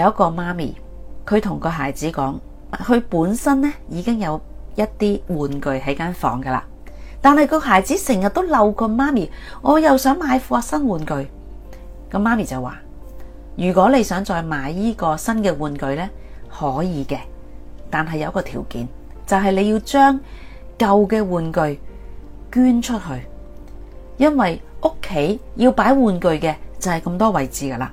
有一個媽咪，佢同個孩子講，佢本身咧已經有一啲玩具喺間房噶啦，但係個孩子成日都鬧個媽咪，我又想買副新玩具。咁媽咪就話：如果你想再買依個新嘅玩具呢，可以嘅，但係有一個條件，就係你要將舊嘅玩具捐出去，因為屋企要擺玩具嘅就係咁多位置噶啦。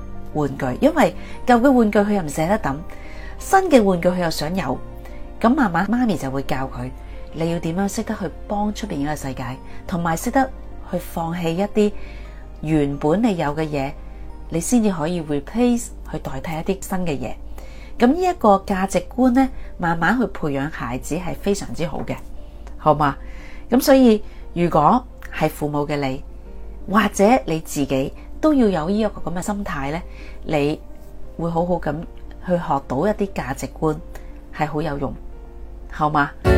玩具，因為舊嘅玩具佢又唔捨得抌，新嘅玩具佢又想有，咁慢慢媽咪就會教佢，你要點樣識得去幫出邊呢個世界，同埋識得去放棄一啲原本你有嘅嘢，你先至可以 replace 去代替一啲新嘅嘢。咁呢一個價值觀呢，慢慢去培養孩子係非常之好嘅，好嘛？咁所以如果係父母嘅你，或者你自己。都要有呢一個咁嘅心態咧，你會好好咁去學到一啲價值觀，係好有用，好嗎？